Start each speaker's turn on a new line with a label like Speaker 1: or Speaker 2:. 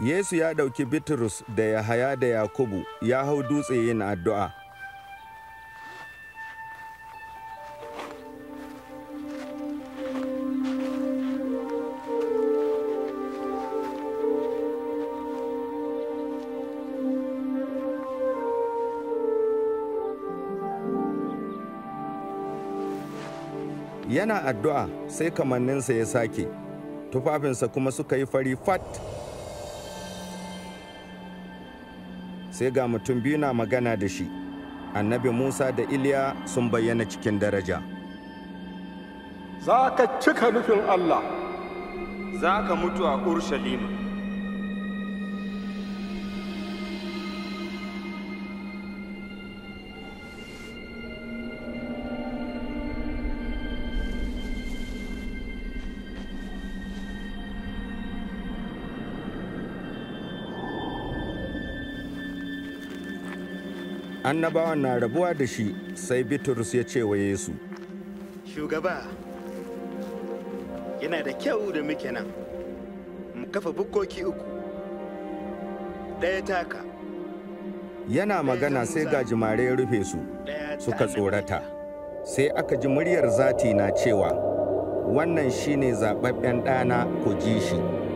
Speaker 1: Yesu ya ɗauki Bitrus da Yahaya da Yakubu ya hau dutse yin addu'a. Yana addu'a sai kamanninsa ya sake, tufafinsa kuma suka yi fari fat. sai ga mutum biyu na magana da shi annabi musa da iliya sun bayyana cikin daraja
Speaker 2: za ka cika nufin allah za ka mutu a urushalima
Speaker 1: annabawan na rabuwa da shi sai bitrus ya ce wa yesu
Speaker 3: shugaba yana da kyau da muke nan mu kafa bukoki uku ɗaya taka
Speaker 1: yana magana sai gajimare ya rufe su suka tsorata sai aka ji muryar zati na cewa wannan shine zaɓaɓɓen ɗana ku ji shi